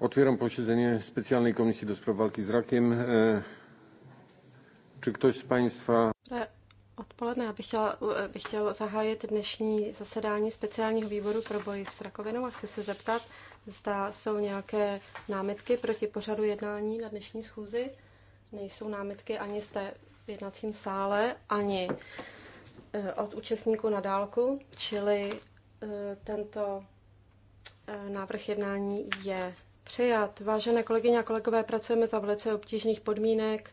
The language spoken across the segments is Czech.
Otwieram posiedzenie specjalnej komisji do spraw walki z rakiem. E, czy ktoś z Państwa... E, odpoledne já bych, chtěla, e, bych chtěla zahájit dnešní zasedání speciálního výboru pro boj s rakovinou a chci se zeptat, zda jsou nějaké námitky proti pořadu jednání na dnešní schůzi. Nejsou námitky ani zde v jednacím sále, ani od účastníků na dálku, čili tento návrh jednání je přijat. Vážené kolegyně a kolegové, pracujeme za velice obtížných podmínek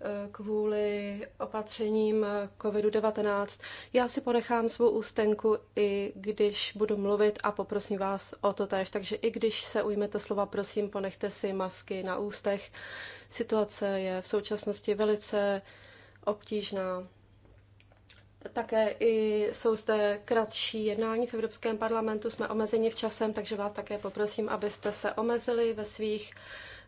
eh, kvůli opatřením eh, COVID-19. Já si ponechám svou ústenku, i když budu mluvit a poprosím vás o to tež. Takže i když se ujmete slova, prosím, ponechte si masky na ústech. Situace je v současnosti velice obtížná. Také i jsou zde kratší jednání v Evropském parlamentu, jsme omezeni v časem, takže vás také poprosím, abyste se omezili ve svých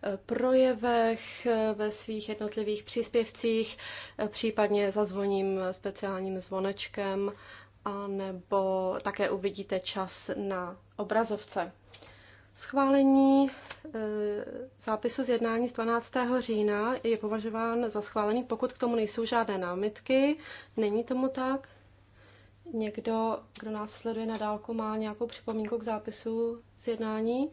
eh, projevech, eh, ve svých jednotlivých příspěvcích, eh, případně zazvoním speciálním zvonečkem, a nebo také uvidíte čas na obrazovce. Schválení eh, zápisu z jednání z 12. října je považován za schválený, pokud k tomu nejsou žádné námitky. Není tomu tak. Někdo, kdo nás sleduje na dálku, má nějakou připomínku k zápisu z jednání?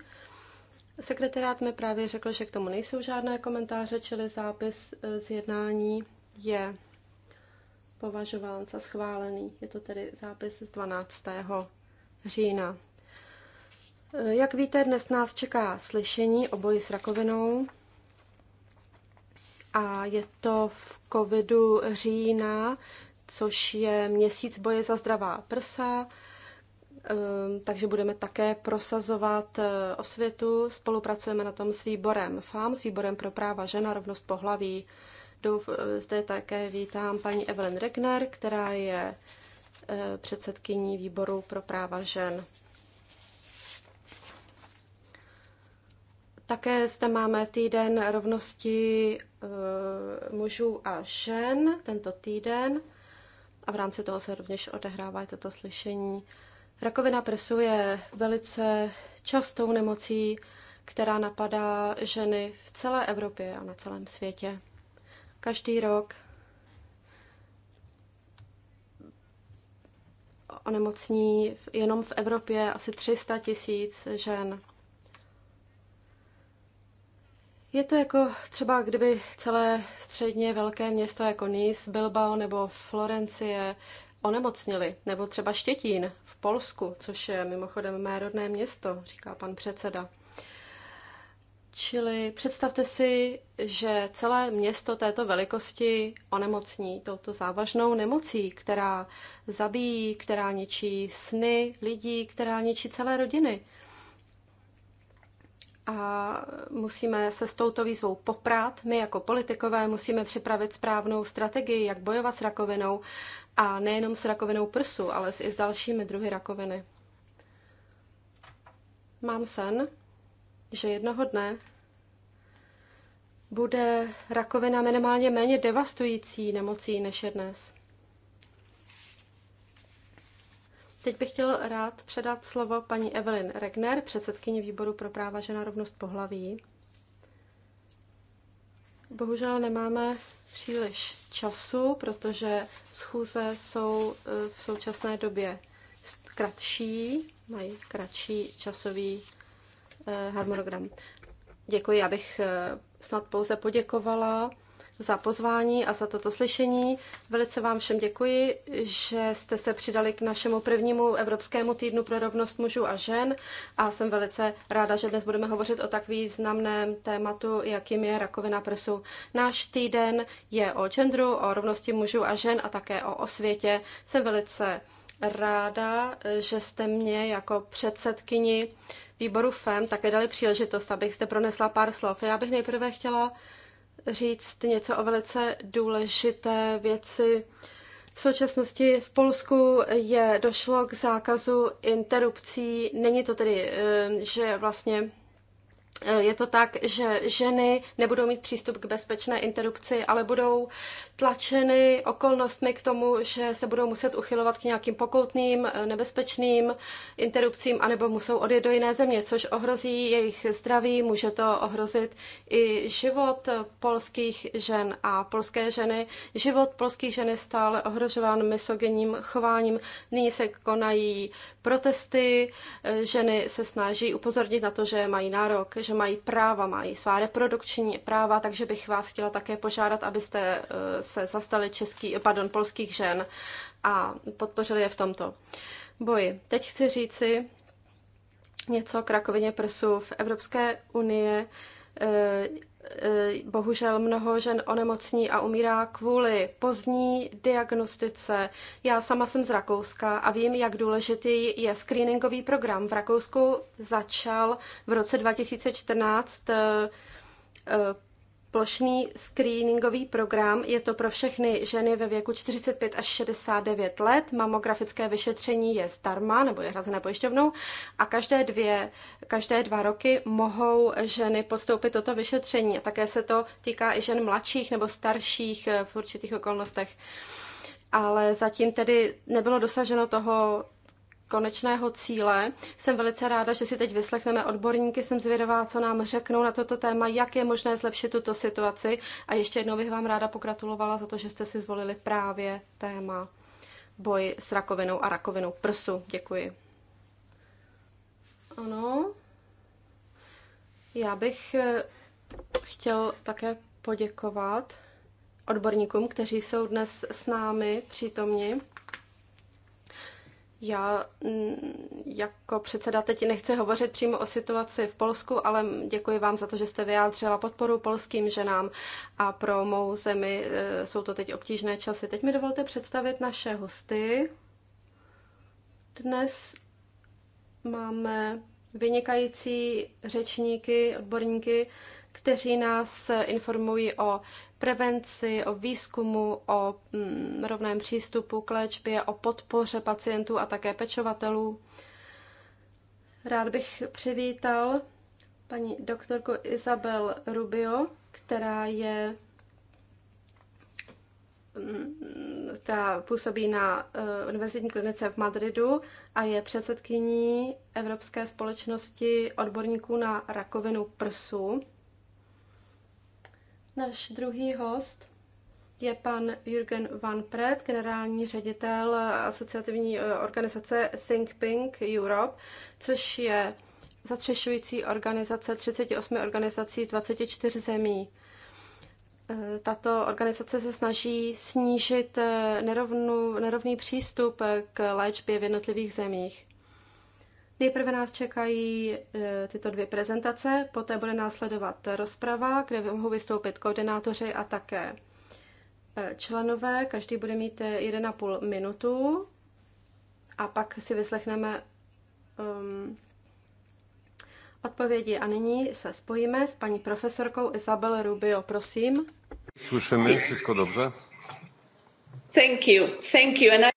Sekretariát mi právě řekl, že k tomu nejsou žádné komentáře, čili zápis eh, z jednání je považován za schválený. Je to tedy zápis z 12. října. Jak víte, dnes nás čeká slyšení o boji s rakovinou a je to v covidu října, což je měsíc boje za zdravá prsa, ehm, takže budeme také prosazovat eh, osvětu. Spolupracujeme na tom s výborem FAM, s výborem pro práva žena, rovnost pohlaví. Eh, zde také vítám paní Evelyn Regner, která je eh, předsedkyní výboru pro práva žen. Také zde máme týden rovnosti eh, mužů a žen tento týden a v rámci toho se rovněž odehrává toto slyšení. Rakovina prsu je velice častou nemocí, která napadá ženy v celé Evropě a na celém světě. Každý rok onemocní jenom v Evropě asi 300 tisíc žen. Je to jako třeba, kdyby celé středně velké město jako Nice, Bilbao nebo Florencie onemocnili, nebo třeba Štětín v Polsku, což je mimochodem mé rodné město, říká pan předseda. Čili představte si, že celé město této velikosti onemocní touto závažnou nemocí, která zabíjí, která ničí sny lidí, která ničí celé rodiny a musíme se s touto výzvou poprát. My jako politikové musíme připravit správnou strategii, jak bojovat s rakovinou a nejenom s rakovinou prsu, ale i s dalšími druhy rakoviny. Mám sen, že jednoho dne bude rakovina minimálně méně devastující nemocí než je dnes. Teď bych chtěl rád předat slovo paní Evelyn Regner, předsedkyni výboru pro práva žena rovnost pohlaví. Bohužel nemáme příliš času, protože schůze jsou eh, v současné době kratší, mají kratší časový eh, harmonogram. Děkuji, abych eh, snad pouze poděkovala za pozvání a za toto slyšení. Velice vám všem děkuji, že jste se přidali k našemu prvnímu Evropskému týdnu pro rovnost mužů a žen a jsem velice ráda, že dnes budeme hovořit o tak významném tématu, jakým je rakovina prsu. Náš týden je o genderu, o rovnosti mužů a žen a také o osvětě. Jsem velice ráda, že jste mě jako předsedkyni výboru FEM také dali příležitost, abych zde pronesla pár slov. Já bych nejprve chtěla říct něco o velice důležité věci. V současnosti v Polsku je došlo k zákazu interrupcí. Není to tedy, eh, že vlastně Eh, je to tak, že ženy nebudou mít přístup k bezpečné interrupci, ale budou tlačeny okolnostmi k tomu, že se budou muset uchylovat k nějakým pokoutným, eh, nebezpečným interrupcím, anebo musou odjet do jiné země, což ohrozí jejich zdraví, může to ohrozit i život eh, polských žen a polské ženy. Život polských žen je stále ohrožován misogenním chováním. Nyní se konají protesty, ženy se snaží upozornit na to, že mají nárok, že mají práva, mají svá reprodukční práva, takže bych vás chtěla také požádat, abyste eh, se zastali český, pardon, polských žen a podpořili je v tomto boji. Teď chci říci něco k rakovině prsu v Evropské unii eh, Eh, bohužel mnoho žen onemocní a umírá kvůli pozdní diagnostice. Já sama jsem z Rakouska a vím, jak důležitý je screeningový program. V Rakousku začal v roce 2014 plošný screeningový program. Je to pro všechny ženy ve věku 45 až 69 let. Mamografické vyšetření je zdarma nebo je hrazené pojišťovnou a každé, dvě, každé dva roky mohou ženy podstoupit toto vyšetření. A také se to týká i žen mladších nebo starších eh, v určitých okolnostech. Ale zatím tedy nebylo dosaženo toho konečného cíle. Jsem velice ráda, že si teď vyslechneme odborníky. Jsem zvědavá, co nám řeknou na toto téma, jak je možné zlepšit tuto situaci. A ještě jednou bych vám ráda pokratulovala za to, že jste si zvolili právě téma boj s rakovinou a rakovinou prsu. Děkuji. Ano. Já bych eh, chtěl také poděkovat odborníkům, kteří jsou dnes s námi přítomni. Já mm, jako předseda teď nechci hovořit přímo o situaci v Polsku, ale děkuji vám za to, že jste vyjádřila podporu polským ženám a pro mou zemi e, jsou to teď obtížné časy. Teď mi dovolte představit naše hosty. Dnes máme vynikající řečníky, odborníky kteří nás informují o prevenci, o výzkumu, o mm, rovném přístupu k léčbě, o podpoře pacientů a také pečovatelů. Rád bych přivítal paní doktorku Isabel Rubio, která je mm, ta působí na e, univerzitní klinice v Madridu a je předsedkyní Evropské společnosti odborníků na rakovinu prsu. Náš druhý host je pan Jürgen Van Pret, generální ředitel asociativní eh, organizace Think Pink Europe, což je zatřešující organizace 38 organizací z 24 zemí. Eh, tato organizace se snaží snížit eh, nerovnu, nerovný přístup k léčbě v jednotlivých zemích. Nejprve nás čekají e, tyto dvě prezentace, poté bude následovat rozprava, kde mohou vystoupit koordinátoři a také e, členové. Každý bude mít 1,5 e, minutu a pak si vyslechneme um, odpovědi. A nyní se spojíme s paní profesorkou Isabel Rubio, prosím. Slyšíme, všechno dobře? Thank you, thank you. And I...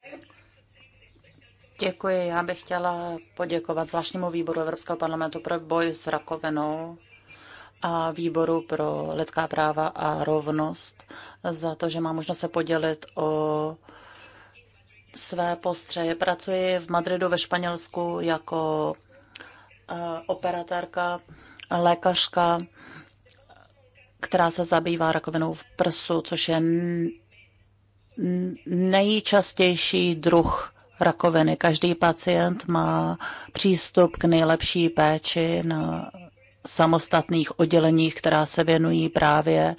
Děkuji. Já bych chtěla poděkovat zvláštnímu výboru Evropského parlamentu pro boj s rakovinou a výboru pro lidská práva a rovnost za to, že má možnost se podělit o své postřeje. Pracuji v Madridu ve Španělsku jako eh, operatérka, lékařka, která se zabývá rakovinou v prsu, což je nejčastější druh rakoviny. Každý pacient má přístup k nejlepší péči na samostatných odděleních, která se věnují právě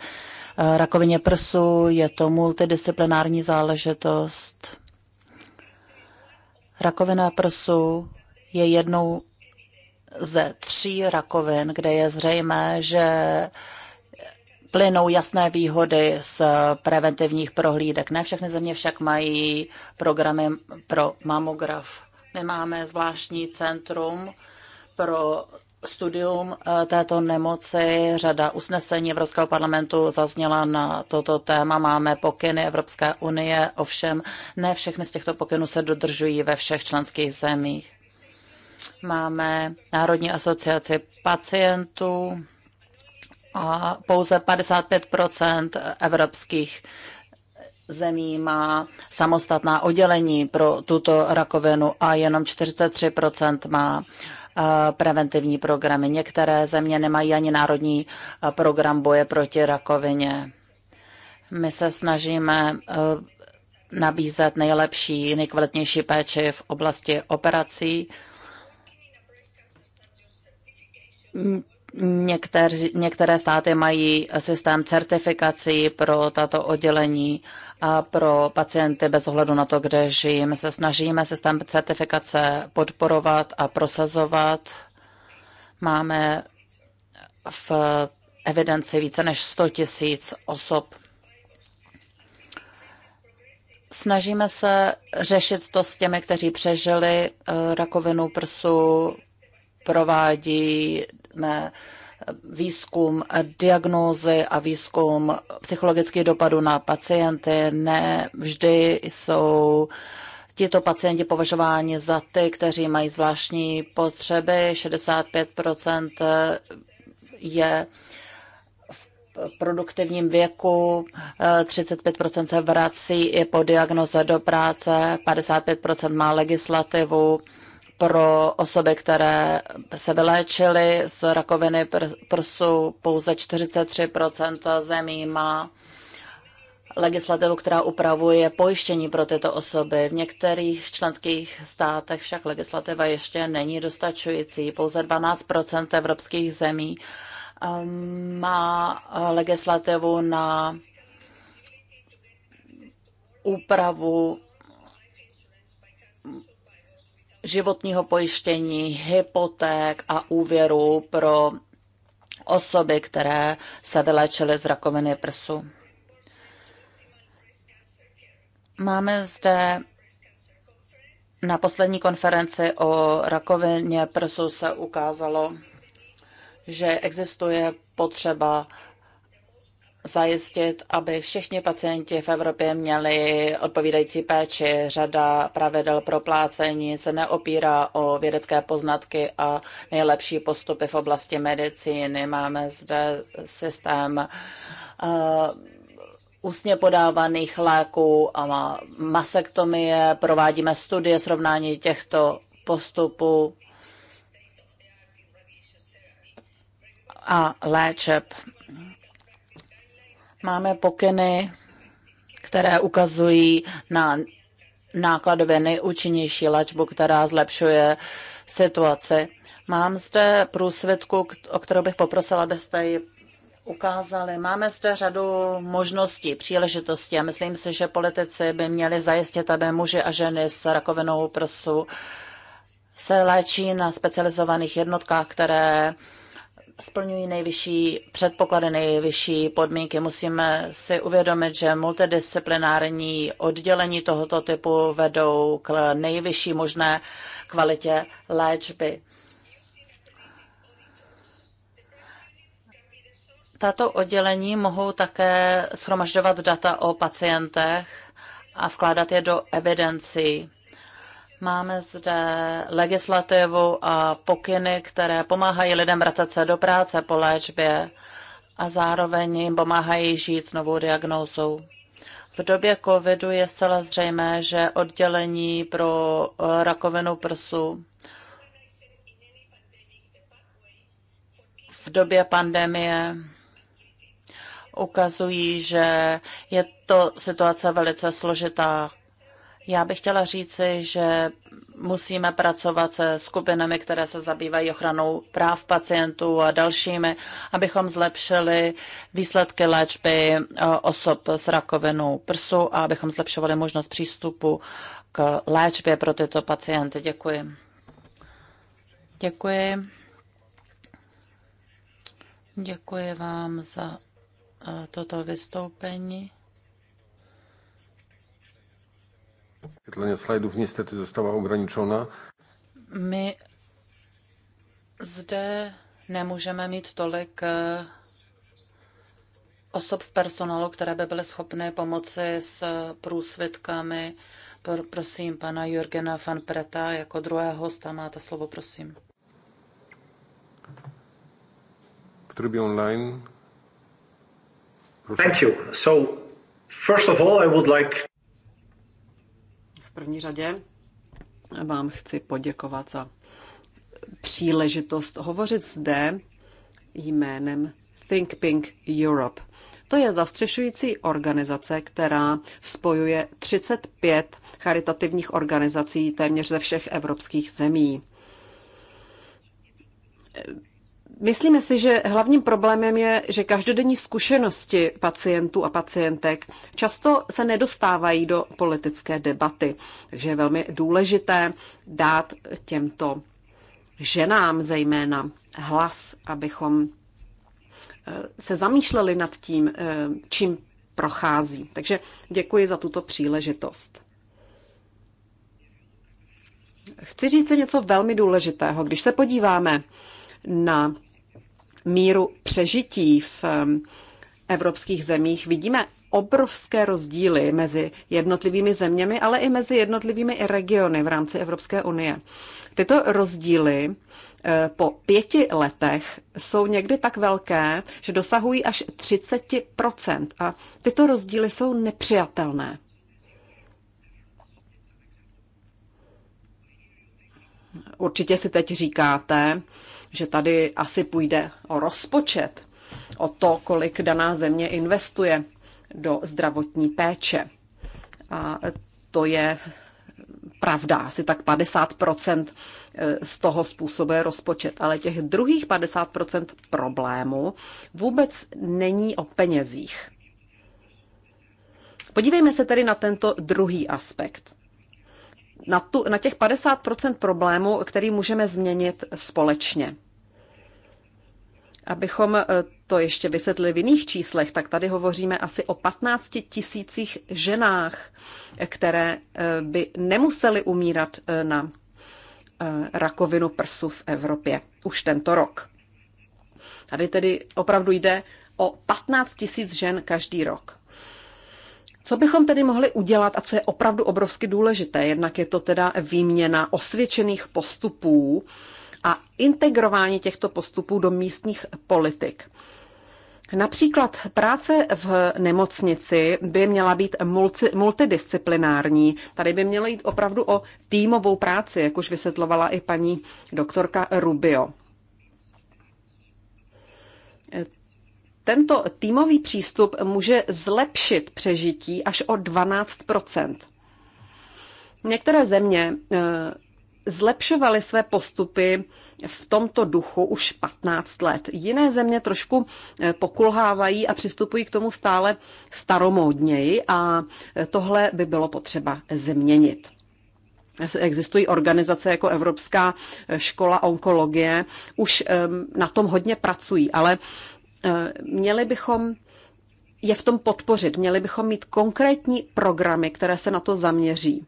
eh, rakovině prsu. Je to multidisciplinární záležitost. Rakovina prsu je jednou ze tří rakovin, kde je zřejmé, že plynou jasné výhody z preventivních prohlídek. Ne všechny země však mají programy pro mamograf. My máme zvláštní centrum pro studium eh, této nemoci. Řada usnesení Evropského parlamentu zazněla na toto téma. Máme pokyny Evropské unie, ovšem ne všechny z těchto pokynů se dodržují ve všech členských zemích. Máme Národní asociaci pacientů, a pouze 55 evropských zemí má samostatná oddělení pro tuto rakovinu a jenom 43 má eh, preventivní programy. Některé země nemají ani národní eh, program boje proti rakovině. My se snažíme eh, nabízet nejlepší, nejkvalitnější péči v oblasti operací. Někter, některé státy mají systém certifikací pro tato oddělení a pro pacienty bez ohledu na to, kde žijí. My se snažíme systém certifikace podporovat a prosazovat. Máme v evidenci více než 100 tisíc osob. Snažíme se řešit to s těmi, kteří přežili eh, rakovinu prsu, provádí výzkum diagnózy a výzkum psychologických dopadů na pacienty. Ne vždy jsou tito pacienti považováni za ty, kteří mají zvláštní potřeby. 65 je produktivním věku, 35% se vrací i po diagnoze do práce, 55% má legislativu, pro osoby, které se vyléčily z rakoviny prsu. Pouze 43% zemí má legislativu, která upravuje pojištění pro tyto osoby. V některých členských státech však legislativa ještě není dostačující. Pouze 12 evropských zemí um, má legislativu na úpravu životního pojištění, hypoték a úvěru pro osoby, které se vyléčily z rakoviny prsu. Máme zde na poslední konferenci o rakovině prsu se ukázalo, že existuje potřeba zajistit, aby všichni pacienti v Evropě měli odpovídající péči. Řada pravidel pro plácení se neopírá o vědecké poznatky a nejlepší postupy v oblasti medicíny. Máme zde systém uh, ústně podávaných léků a masektomie. Provádíme studie srovnání těchto postupů a léčeb Máme pokyny, které ukazují na nákladově nejúčinnější lačbu, která zlepšuje situaci. Mám zde průsvědku, o kterou bych poprosila, abyste ji ukázali. Máme zde řadu možností, příležitostí a myslím si, že politici by měli zajistit, aby muži a ženy s rakovinou prsu se léčí na specializovaných jednotkách, které splňují nejvyšší předpoklady, nejvyšší podmínky. Musíme si uvědomit, že multidisciplinární oddělení tohoto typu vedou k nejvyšší možné kvalitě léčby. Tato oddělení mohou také schromažďovat data o pacientech a vkládat je do evidencí. Máme zde legislativu a pokyny, které pomáhají lidem vracet se do práce po léčbě a zároveň jim pomáhají žít s novou diagnózou. V době covidu je zcela zřejmé, že oddělení pro eh, rakovinu prsu v době pandemie ukazují, že je to situace velice složitá. Já bych chtěla říci, že musíme pracovat se skupinami, které se zabývají ochranou práv pacientů a dalšími, abychom zlepšili výsledky léčby eh, osob s rakovinou prsu a abychom zlepšovali možnost přístupu k léčbě pro tyto pacienty. Děkuji. Děkuji. Děkuji vám za eh, toto vystoupení. wyświetlania slajdów niestety została ograniczona. My zde nemůžeme mít tolik eh, osob v personálu, které by byly schopné pomoci s eh, průsvitkami. Prosím pana Jurgena van Preta jako druhého hosta. Máte slovo, prosím. V trybě online. Prosím. Thank you. So, first of all, I would like v první řadě vám chci poděkovat za příležitost hovořit zde jménem Think Pink Europe. To je zastřešující organizace, která spojuje 35 charitativních organizací téměř ze všech evropských zemí Myslíme si, že hlavním problémem je, že každodenní zkušenosti pacientů a pacientek často se nedostávají do politické debaty. Takže je velmi důležité dát těmto ženám zejména hlas, abychom eh, se zamýšleli nad tím, eh, čím prochází. Takže děkuji za tuto příležitost. Chci říct něco velmi důležitého. Když se podíváme na míru přežití v um, evropských zemích, vidíme obrovské rozdíly mezi jednotlivými zeměmi, ale i mezi jednotlivými regiony v rámci Evropské unie. Tyto rozdíly uh, po pěti letech jsou někdy tak velké, že dosahují až 30 a tyto rozdíly jsou nepřijatelné. Určitě si teď říkáte, že tady asi půjde o rozpočet, o to, kolik daná země investuje do zdravotní péče. A to je pravda, asi tak 50% eh, z toho způsobuje rozpočet, ale těch druhých 50% problému vůbec není o penězích. Podívejme se tedy na tento druhý aspekt na, tu, na těch 50% problémů, který můžeme změnit společně. Abychom eh, to ještě vysvětlili v jiných číslech, tak tady hovoříme asi o 15 tisících ženách, které eh, by nemusely umírat eh, na rakovinu prsu v Evropě už tento rok. Tady tedy opravdu jde o 15 tisíc žen každý rok. Co bychom tedy mohli udělat a co je opravdu obrovsky důležité? Jednak je to teda výměna osvědčených postupů a integrování těchto postupů do místních politik. Například práce v nemocnici by měla být multi, multidisciplinární. Tady by mělo jít opravdu o týmovou práci, jak už vysvětlovala i paní doktorka Rubio. Tento týmový přístup může zlepšit přežití až o 12 Některé země e, zlepšovaly své postupy v tomto duchu už 15 let. Jiné země trošku e, pokulhávají a přistupují k tomu stále staromódněji a e, tohle by bylo potřeba změnit. Existují organizace jako Evropská škola onkologie, už na tom hodně pracují, ale Eh, měli bychom je v tom podpořit. Měli bychom mít konkrétní programy, které se na to zaměří.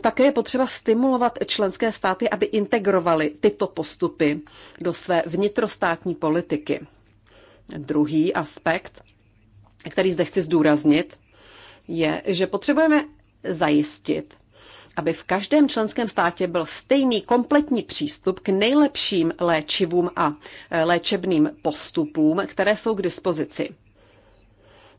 Také je potřeba stimulovat členské státy, aby integrovaly tyto postupy do své vnitrostátní politiky. Druhý aspekt, který zde chci zdůraznit, je, že potřebujeme zajistit, aby v každém členském státě byl stejný kompletní přístup k nejlepším léčivům a e, léčebným postupům, které jsou k dispozici.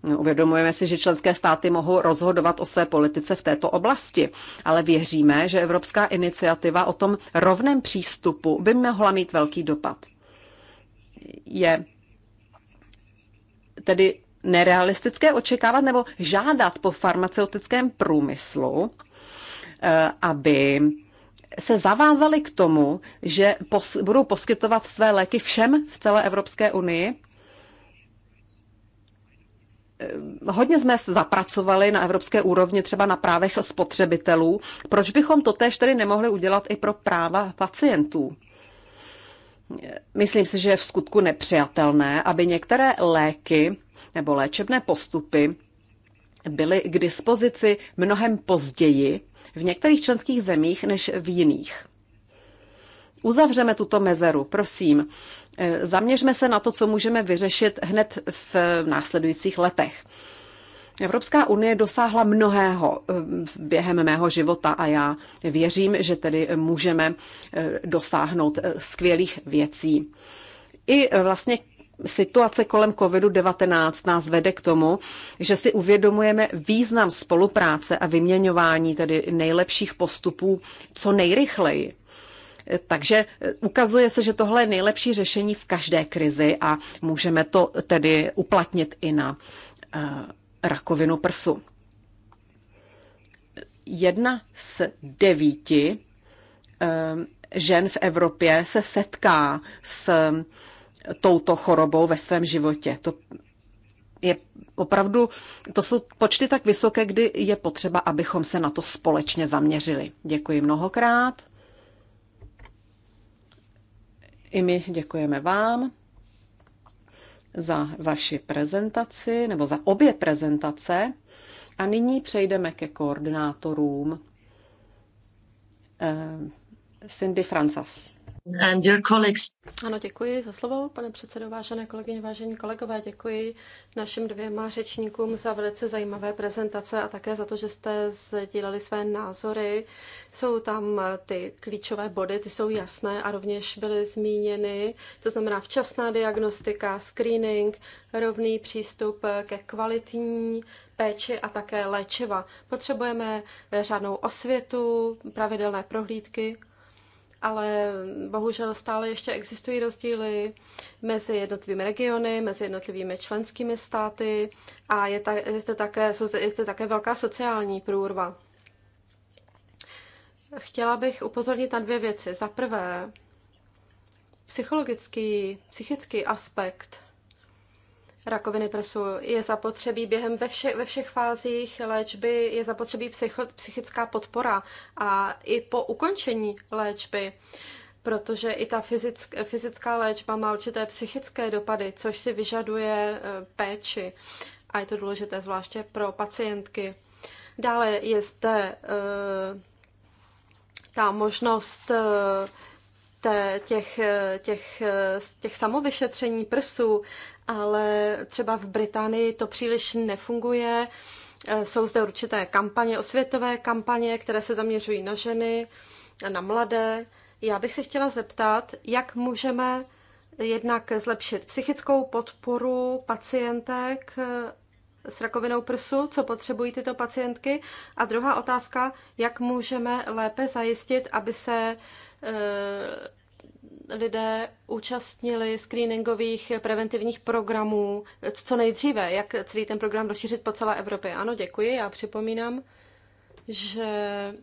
No, uvědomujeme si, že členské státy mohou rozhodovat o své politice v této oblasti, ale věříme, že evropská iniciativa o tom rovném přístupu by mohla mít velký dopad. Je tedy nerealistické očekávat nebo žádat po farmaceutickém průmyslu, Eh, aby se zavázali k tomu, že pos- budou poskytovat své léky všem v celé Evropské unii. Eh, hodně jsme zapracovali na evropské úrovni třeba na právech spotřebitelů. Proč bychom to též tedy nemohli udělat i pro práva pacientů? Myslím si, že je v skutku nepřijatelné, aby některé léky nebo léčebné postupy byly k dispozici mnohem později v některých členských zemích než v jiných. Uzavřeme tuto mezeru, prosím. Eh, zaměřme se na to, co můžeme vyřešit hned v eh, následujících letech. Evropská unie dosáhla mnohého eh, během mého života a já věřím, že tedy můžeme dosáhnout skvělých věcí. I vlastně situace kolem COVID-19 nás vede k tomu, že si uvědomujeme význam spolupráce a vyměňování tedy nejlepších postupů co nejrychleji. Takže e, ukazuje se, že tohle je nejlepší řešení v každé krizi a můžeme to tedy uplatnit i na e, rakovinu prsu. Jedna z devíti e, žen v Evropě se setká s touto chorobou ve svém životě. To je opravdu, to jsou počty tak vysoké, kdy je potřeba, abychom se na to společně zaměřili. Děkuji mnohokrát. I my děkujeme vám za vaši prezentaci, nebo za obě prezentace. A nyní přejdeme ke koordinátorům. Eh, Cindy Francas and your colleagues. Ano, děkuji za slovo, pane předsedo, vážené kolegyně, vážení kolegové. Děkuji našim dvěma řečníkům za velice zajímavé prezentace a také za to, že jste sdíleli své názory. Jsou tam ty klíčové body, ty jsou jasné a rovněž byly zmíněny, to znamená včasná diagnostika, screening, rovný přístup ke kvalitní péči a také léčiva. Potřebujeme řádnou osvětu, pravidelné prohlídky ale bohužel stále ještě existují rozdíly mezi jednotlivými regiony, mezi jednotlivými členskými státy a je, ta, je, zde, také, je zde také velká sociální průrva. Chtěla bych upozornit na dvě věci. Za prvé, psychologický, psychický aspekt rakoviny prsu. Je zapotřebí během ve, vše, ve všech fázích léčby, je zapotřebí psycho, psychická podpora a i po ukončení léčby, protože i ta fyzick, fyzická léčba má určité psychické dopady, což si vyžaduje eh, péči a je to důležité zvláště pro pacientky. Dále je zde eh, ta možnost eh, těch, těch, těch samovyšetření prsů, ale třeba v Británii to příliš nefunguje. Eh, jsou zde určité kampaně, osvětové kampaně, které se zaměřují na ženy, na mladé. Já bych se chtěla zeptat, jak můžeme jednak zlepšit psychickou podporu pacientek eh, s rakovinou prsu, co potřebují tyto pacientky. A druhá otázka, jak můžeme lépe zajistit, aby se eh, lidé účastnili screeningových preventivních programů co nejdříve, jak celý ten program rozšířit po celé Evropě. Ano, děkuji. Já připomínám, že e,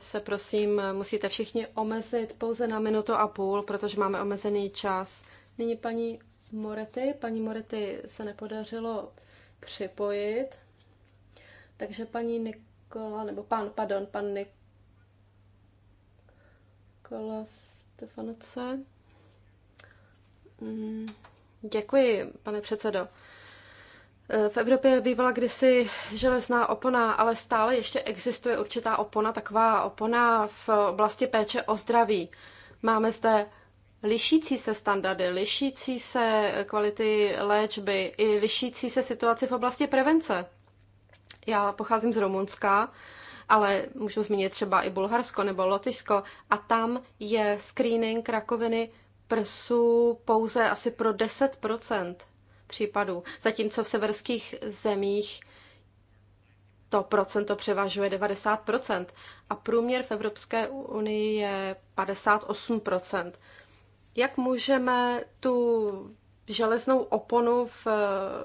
se prosím musíte všichni omezit pouze na minutu a půl, protože máme omezený čas. Nyní paní Morety. Paní Morety se nepodařilo připojit, takže paní Nikola, nebo pan, pardon, pan Nikola. Stefanice. Mm, děkuji, pane předsedo. V Evropě bývala kdysi železná opona, ale stále ještě existuje určitá opona, taková opona v oblasti péče o zdraví. Máme zde lišící se standardy, lišící se kvality léčby i lišící se situaci v oblasti prevence. Já pocházím z Rumunska ale můžu zmínit třeba i Bulharsko nebo Lotyšsko a tam je screening rakoviny prsu pouze asi pro 10% případů, zatímco v severských zemích to procento převažuje 90% a průměr v Evropské unii je 58%. Jak můžeme tu železnou oponu v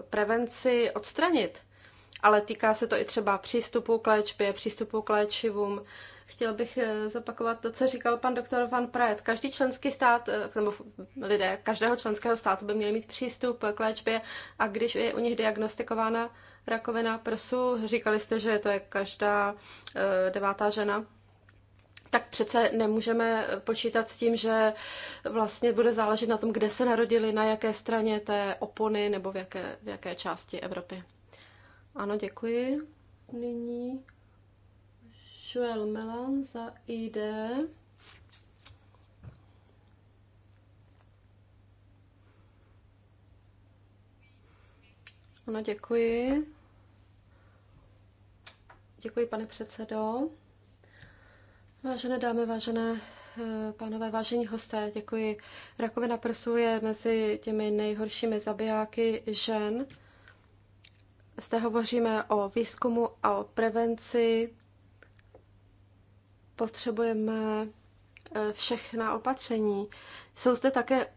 prevenci odstranit? ale týká se to i třeba přístupu k léčbě, přístupu k léčivům. Chtěl bych eh, zopakovat to, co říkal pan doktor Van Praet. Každý členský stát, eh, nebo lidé každého členského státu by měli mít přístup k léčbě a když je u nich diagnostikována rakovina prsu, říkali jste, že to je každá eh, devátá žena, tak přece nemůžeme počítat s tím, že vlastně bude záležet na tom, kde se narodili, na jaké straně té opony nebo v jaké, v jaké části Evropy. Ano, děkuji. Nyní Joel Melan za ID. Ano, děkuji. Děkuji, pane předsedo. Vážené dámy, vážené eh, pánové, vážení hosté, děkuji. Rakovina prsu je mezi těmi nejhoršími zabijáky žen. Zde hovoříme o výzkumu a o prevenci. Potřebujeme eh, všechna opatření. Jsou zde také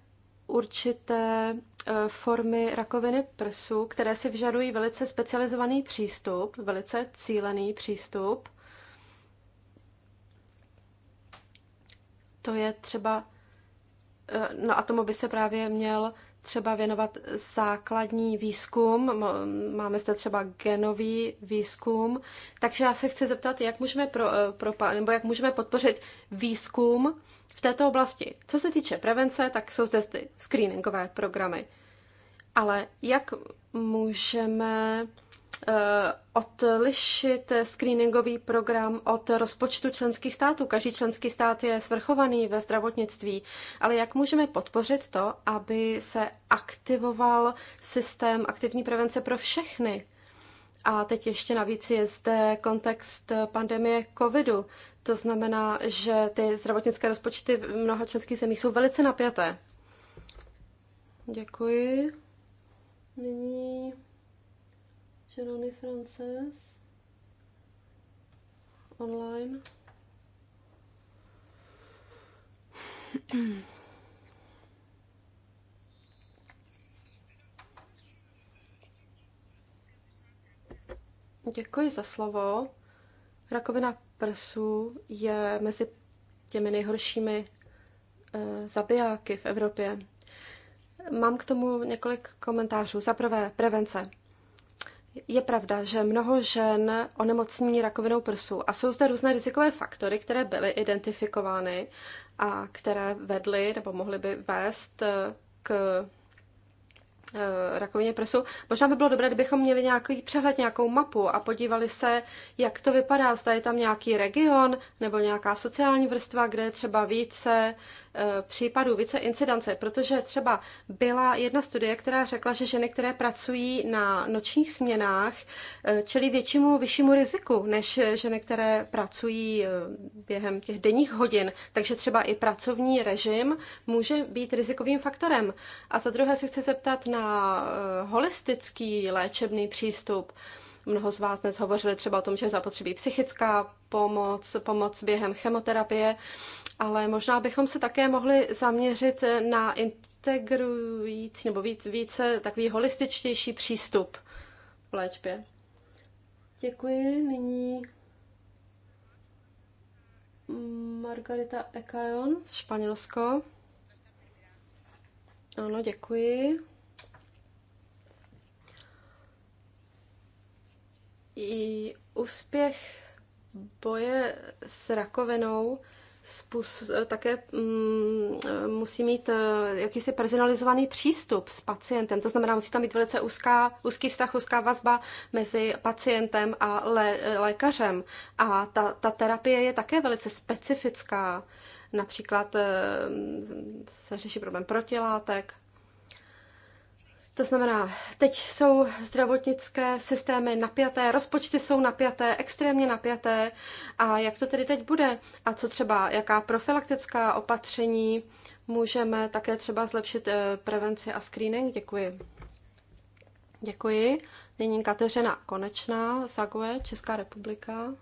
určité eh, formy rakoviny prsu, které si vyžadují velice specializovaný přístup, velice cílený přístup. To je třeba, na eh, no tomu by se právě měl třeba věnovat základní výzkum, máme zde třeba genový výzkum, takže já se chci zeptat, jak můžeme, pro, eh, pro, nebo jak můžeme podpořit výzkum v této oblasti. Co se týče prevence, tak jsou zde ty screeningové programy. Ale jak můžeme Eh, odlišit screeningový program od rozpočtu členských států. Každý členský stát je svrchovaný ve zdravotnictví, ale jak můžeme podpořit to, aby se aktivoval systém aktivní prevence pro všechny? A teď ještě navíc je zde kontext pandemie covidu. To znamená, že ty zdravotnické rozpočty v mnoha členských zemích jsou velice napjaté. Děkuji. Nyní Jerony Frances online. Děkuji za slovo. Rakovina prsu je mezi těmi nejhoršími eh, zabijáky v Evropě. Mám k tomu několik komentářů. Za prvé, prevence. Je pravda, že mnoho žen onemocní rakovinou prsu a jsou zde různé rizikové faktory, které byly identifikovány a které vedly nebo mohly by vést eh, k eh, rakovině prsu. Možná by bylo dobré, kdybychom měli nějaký přehled, nějakou mapu a podívali se, jak to vypadá. Zda je tam nějaký region nebo nějaká sociální vrstva, kde je třeba více Eh, případů, více incidence, protože třeba byla jedna studie, která řekla, že ženy, které pracují na nočních směnách, eh, čelí většímu, vyššímu riziku než ženy, které pracují eh, během těch denních hodin. Takže třeba i pracovní režim může být rizikovým faktorem. A za druhé se chci zeptat na holistický léčebný přístup. Mnoho z vás dnes hovořili třeba o tom, že zapotřebí psychická pomoc, pomoc během chemoterapie ale možná bychom se také mohli zaměřit na integrující nebo víc, více takový holističtější přístup v léčbě. Děkuji. Nyní Margarita Ekajon, Španělsko. Ano, děkuji. I úspěch boje s rakovinou Eh, také mm, eh, musí mít eh, jakýsi personalizovaný přístup s pacientem. To znamená, musí tam být velice úzká, úzký vztah, úzká vazba mezi pacientem a lé, lékařem. A ta, ta terapie je také velice specifická. Například se řeší problém protilátek, to znamená, teď jsou zdravotnické systémy napjaté, rozpočty jsou napjaté, extrémně napjaté. A jak to tedy teď bude? A co třeba, jaká profilaktická opatření můžeme také třeba zlepšit eh, prevenci a screening? Děkuji. Děkuji. Nyní Kateřina Konečná, Zagoje, Česká republika.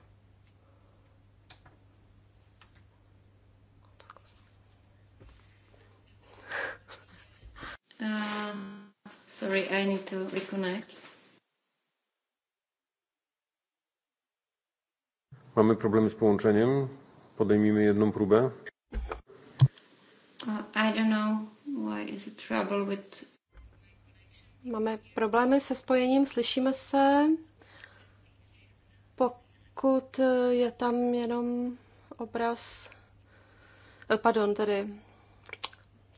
Um. Sorry, I need to reconnect. Máme problémy s połączeniem. Podejmijmy jedną próbę. Uh, I don't know why is it trouble with... Máme problémy se spojením, slyšíme se. Pokud je tam jenom obraz... Eh, pardon, tedy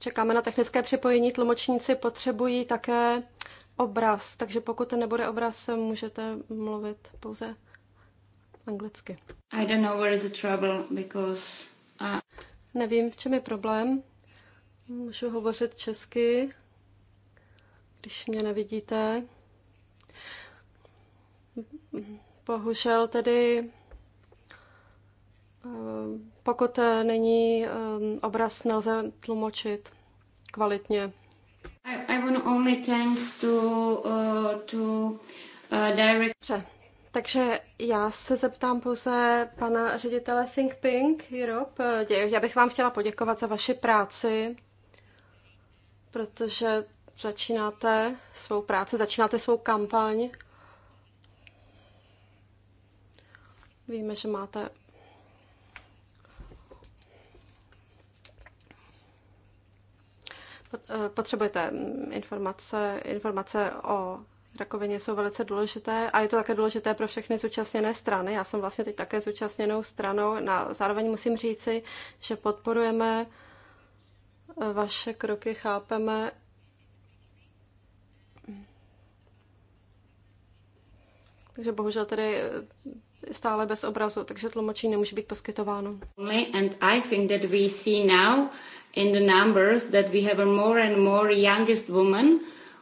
Čekáme na technické připojení. Tlumočníci potřebují také obraz, takže pokud nebude obraz, můžete mluvit pouze anglicky. I don't know where is the trouble because I... Uh, Nevím, v čem je problém. Můžu hovořit česky, když mě nevidíte. Bohužel tedy, eh, pokud není eh, obraz, nelze tlumočit kvalitně. I, I want only thanks to, uh, to uh, direct... Dobře. Takže já se zeptám pouze pana ředitele Think Pink Europe. Já bych vám chtěla poděkovat za vaši práci, protože začínáte svou práci, začínáte svou kampaň. Víme, že máte potřebujete mm, informace, informace o rakovině jsou velice důležité a je to také důležité pro všechny zúčastněné strany. Já jsem vlastně teď také zúčastněnou stranou. Na, zároveň musím říci, že podporujeme eh, vaše kroky, chápeme, Takže bohužel tady eh, stále bez obrazu, takže tlumočení nemůže být poskytováno. And I think that we see now in the numbers that we have a more and more youngest women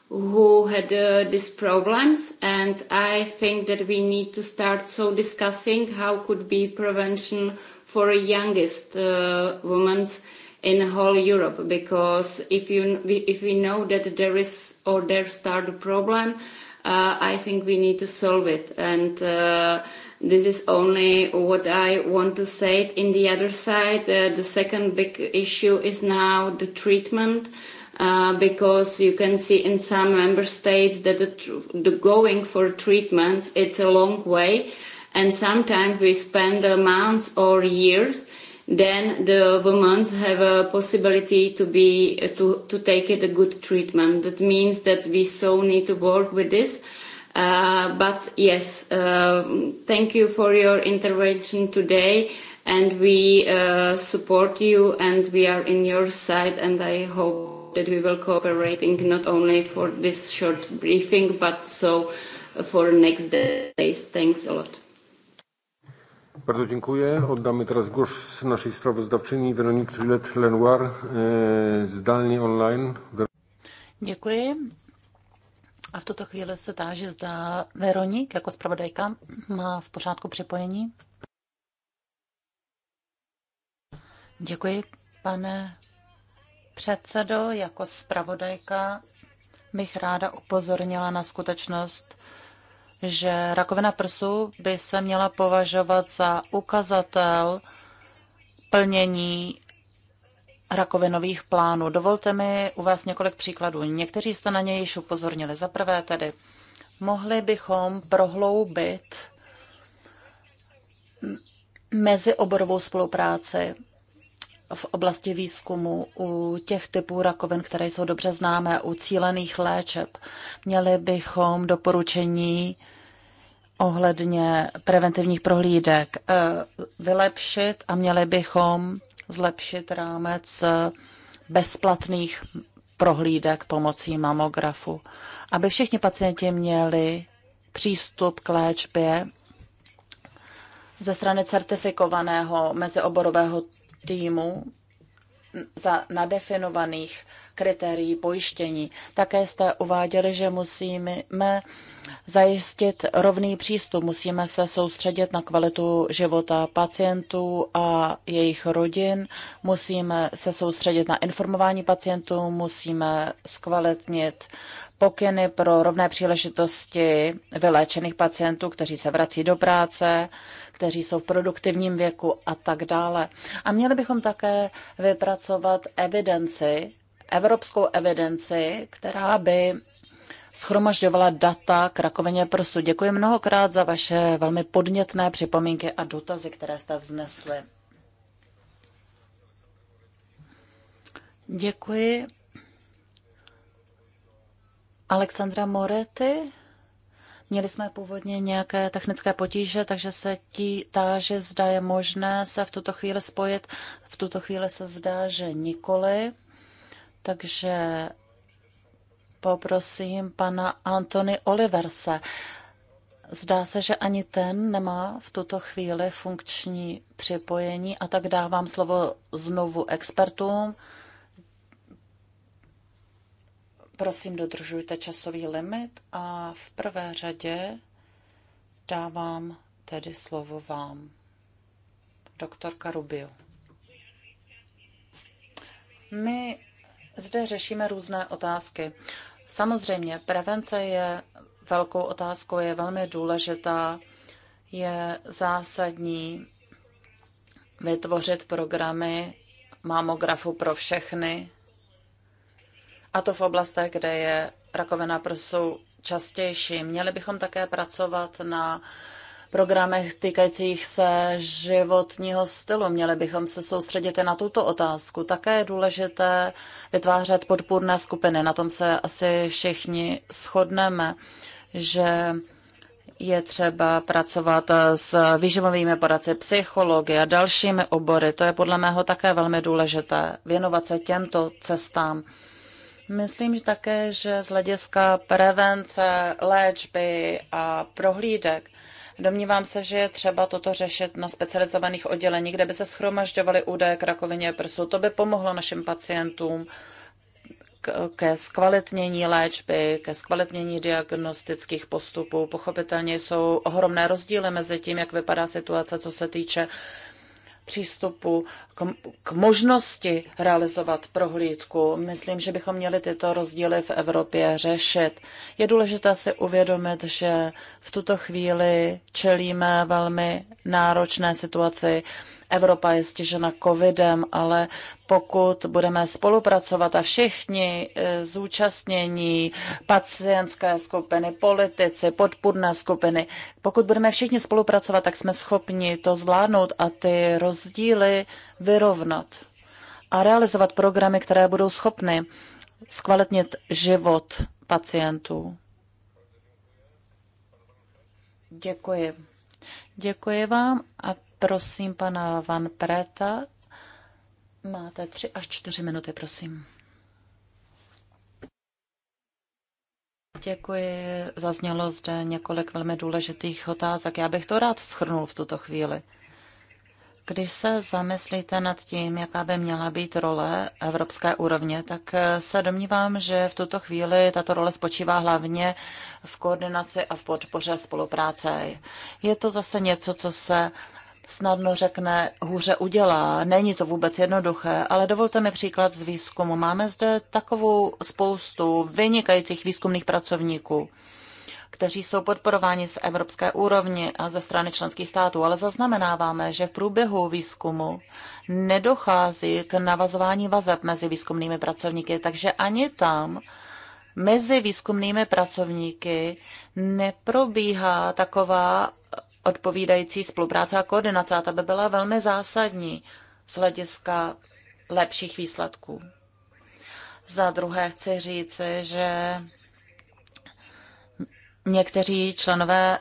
who had uh, these problems and i think that we need to start so discussing how could be prevention for youngest uh, women in whole europe because if you if we know that there is or there start a problem uh, i think we need to solve it and uh, This is only what I want to say. In the other side, uh, the second big issue is now the treatment. Uh, because you can see in some member states that the, the going for treatments it's a long way and sometimes we spend months or years then the women have a possibility to be to, to take it a good treatment that means that we so need to work with this Uh, but yes, uh, thank you for your intervention today, and we uh, support you, and we are in your side, and I hope that we will cooperate not only for this short briefing, but so for next days. Thanks a lot. Bardzo dziękuję. Oddamy teraz głos naszej sprawozdawczyni Weronique Trillet-Lenoir, e, zdalnie online. Děkuji. A v tuto chvíli se táže, zda Veronik jako zpravodajka má v pořádku připojení. Děkuji, pane předsedo. Jako zpravodajka bych ráda upozornila na skutečnost, že rakovina prsu by se měla považovat za ukazatel plnění rakovinových plánů. Dovolte mi uvést několik příkladů. Někteří jste na něj již upozornili. Za prvé tedy, mohli bychom prohloubit mezioborovou spolupráci v oblasti výzkumu u těch typů rakovin, které jsou dobře známé, u cílených léčeb. Měli bychom doporučení ohledně preventivních prohlídek eh, vylepšit a měli bychom zlepšit rámec eh, bezplatných prohlídek pomocí mamografu, aby všichni pacienti měli přístup k léčbě ze strany certifikovaného mezioborového týmu za nadefinovaných kritérií pojištění. Také jste uváděli, že musíme zajistit rovný přístup, musíme se soustředit na kvalitu života pacientů a jejich rodin, musíme se soustředit na informování pacientů, musíme zkvalitnit pokyny pro rovné příležitosti vyléčených pacientů, kteří se vrací do práce, kteří jsou v produktivním věku a tak dále. A měli bychom také vypracovat evidenci, evropskou evidenci, která by schromažďovala data k rakovině prsu. Děkuji mnohokrát za vaše velmi podnětné připomínky a dotazy, které jste vznesli. Děkuji. Alexandra Moretti Měli jsme původně nějaké technické potíže, takže se tí táže, zda je možné se v tuto chvíli spojit. V tuto chvíli se zdá, že nikoli. Takže poprosím pana Antony Oliverse. Zdá se, že ani ten nemá v tuto chvíli funkční připojení a tak dávám slovo znovu expertům. Prosím, dodržujte časový limit a v prvé řadě dávám tedy slovo vám, doktorka Rubio. My zde řešíme různé otázky. Samozřejmě, prevence je velkou otázkou, je velmi důležitá, je zásadní vytvořit programy mamografu pro všechny, a to v oblastech, kde je rakovina prsu častější. Měli bychom také pracovat na programech týkajících se životního stylu. Měli bychom se soustředit i na tuto otázku. Také je důležité vytvářet podpůrné skupiny. Na tom se asi všichni shodneme, že je třeba pracovat s výživovými poradci, psychologi a dalšími obory. To je podle mého také velmi důležité, věnovat se těmto cestám. Myslím že také, že z hlediska prevence, léčby a prohlídek Domnívám se, že je třeba toto řešit na specializovaných odděleních, kde by se schromažďovaly údaje k rakovině prsu. To by pomohlo našim pacientům ke zkvalitnění léčby, ke zkvalitnění diagnostických postupů. Pochopitelně jsou ohromné rozdíly mezi tím, jak vypadá situace, co se týče přístupu k, k možnosti realizovat prohlídku. Myslím, že bychom měli tyto rozdíly v Evropě řešit. Je důležité si uvědomit, že v tuto chvíli čelíme velmi náročné situaci Evropa je stižena covidem, ale pokud budeme spolupracovat a všichni e, zúčastnění, pacientské skupiny, politici, podpůrné skupiny, pokud budeme všichni spolupracovat, tak jsme schopni to zvládnout a ty rozdíly vyrovnat a realizovat programy, které budou schopny zkvalitnit život pacientů. Děkuji. Děkuji vám a prosím pana Van Preta. Máte tři až čtyři minuty, prosím. Děkuji. Zaznělo zde několik velmi důležitých otázek. Já bych to rád schrnul v tuto chvíli. Když se zamyslíte nad tím, jaká by měla být role evropské úrovně, tak se domnívám, že v tuto chvíli tato role spočívá hlavně v koordinaci a v podpoře spolupráce. Je to zase něco, co se snadno řekne, hůře udělá. Není to vůbec jednoduché, ale dovolte mi příklad z výzkumu. Máme zde takovou spoustu vynikajících výzkumných pracovníků, kteří jsou podporováni z evropské úrovni a ze strany členských států, ale zaznamenáváme, že v průběhu výzkumu nedochází k navazování vazeb mezi výzkumnými pracovníky, takže ani tam mezi výzkumnými pracovníky neprobíhá taková odpovídající spolupráce a koordinace, a ta by byla velmi zásadní z hlediska lepších výsledků. Za druhé chci říci, že někteří členové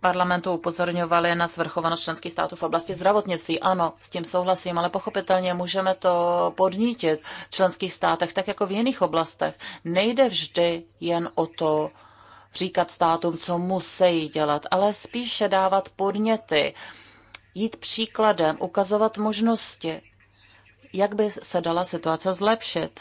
parlamentu upozorňovali na svrchovanost členských států v oblasti zdravotnictví. Ano, s tím souhlasím, ale pochopitelně můžeme to podnítit v členských státech, tak jako v jiných oblastech. Nejde vždy jen o to, říkat státům, co musí dělat, ale spíše dávat podněty, jít příkladem, ukazovat možnosti, jak by se dala situace zlepšit.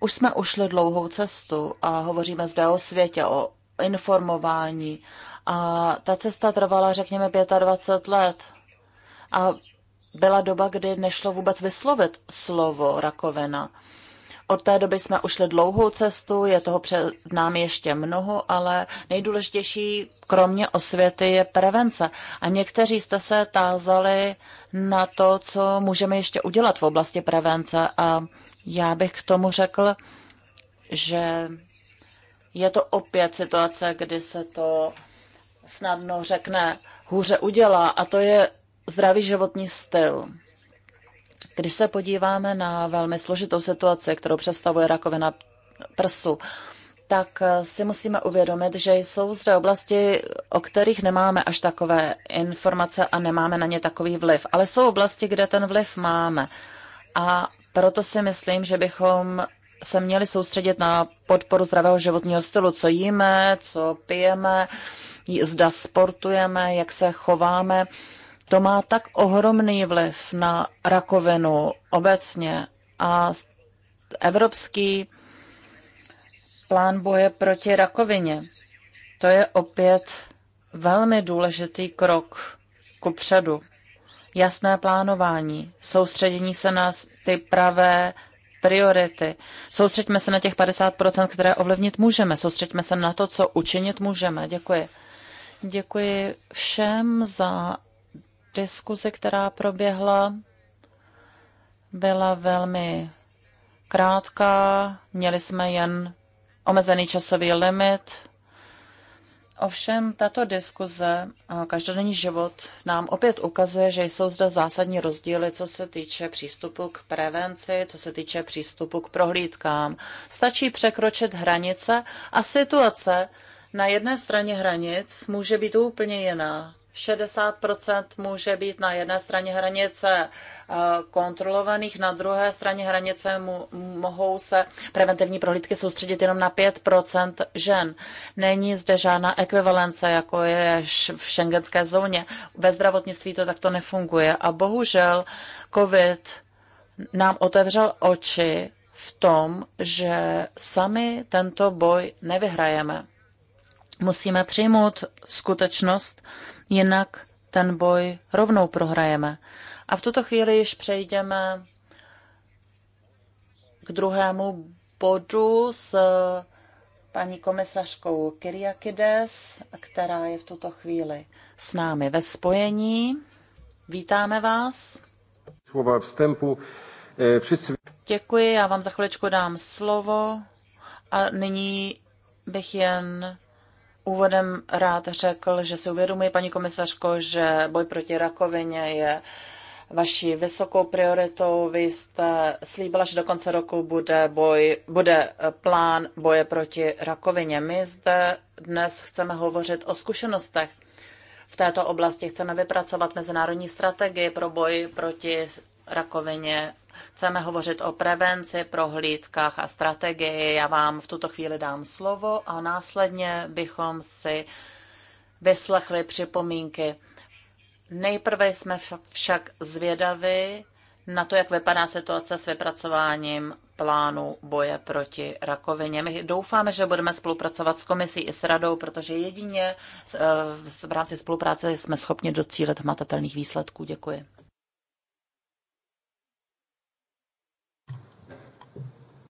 Už jsme ušli dlouhou cestu a hovoříme zde o světě, o informování. A ta cesta trvala, řekněme, 25 let. A byla doba, kdy nešlo vůbec vyslovit slovo rakovina. Od té doby jsme ušli dlouhou cestu, je toho před námi ještě mnoho, ale nejdůležitější kromě osvěty je prevence. A někteří jste se tázali na to, co můžeme ještě udělat v oblasti prevence a já bych k tomu řekl, že je to opět situace, kdy se to snadno řekne, hůře udělá a to je zdravý životní styl. Když se podíváme na velmi složitou situaci, kterou představuje rakovina prsu, tak eh, si musíme uvědomit, že jsou zde oblasti, o kterých nemáme až takové informace a nemáme na ně takový vliv. Ale jsou oblasti, kde ten vliv máme. A proto si myslím, že bychom se měli soustředit na podporu zdravého životního stylu, co jíme, co pijeme, zda sportujeme, jak se chováme to má tak ohromný vliv na rakovinu obecně a evropský plán boje proti rakovině. To je opět velmi důležitý krok ku předu. Jasné plánování, soustředění se na ty pravé priority. Soustředíme se na těch 50%, které ovlivnit můžeme. Soustředíme se na to, co učinit můžeme. Děkuji. Děkuji všem za Diskuze, která proběhla, byla velmi krátká, měli jsme jen omezený časový limit. Ovšem, tato diskuze a každodenní život nám opět ukazuje, že jsou zde zásadní rozdíly, co se týče přístupu k prevenci, co se týče přístupu k prohlídkám. Stačí překročit hranice a situace na jedné straně hranic může být úplně jiná. 60% může být na jedné straně hranice eh, kontrolovaných, na druhé straně hranice mohou se preventivní prohlídky soustředit jenom na 5% žen. Není zde žádná ekvivalence, jako je v šengenské zóně. Ve zdravotnictví to takto nefunguje a bohužel COVID nám otevřel oči v tom, že sami tento boj nevyhrajeme. Musíme přijmout skutečnost, jinak ten boj rovnou prohrajeme. A v tuto chvíli již přejdeme k druhému bodu s paní komisařkou Kyriakides, která je v tuto chvíli s námi ve spojení. Vítáme vás. Slova vstępu. Eh, všichni... Děkuji, já vám za chviličku dám slovo. A nyní bych jen úvodem rád řekl, že si uvědomuji, paní komisařko, že boj proti rakovině je vaší vysokou prioritou. Vy jste slíbila, že do konce roku bude, boj, bude plán boje proti rakovině. My zde dnes chceme hovořit o zkušenostech v této oblasti. Chceme vypracovat mezinárodní strategii pro boj proti rakovině Chceme hovořit o prevenci, prohlídkách a strategii. Já vám v tuto chvíli dám slovo a následně bychom si vyslechli připomínky. Nejprve jsme však zvědaví na to, jak vypadá situace s vypracováním plánu boje proti rakovině. My doufáme, že budeme spolupracovat s komisí i s radou, protože jedině eh, v rámci spolupráce jsme schopni docílit hmatatelných výsledků. Děkuji.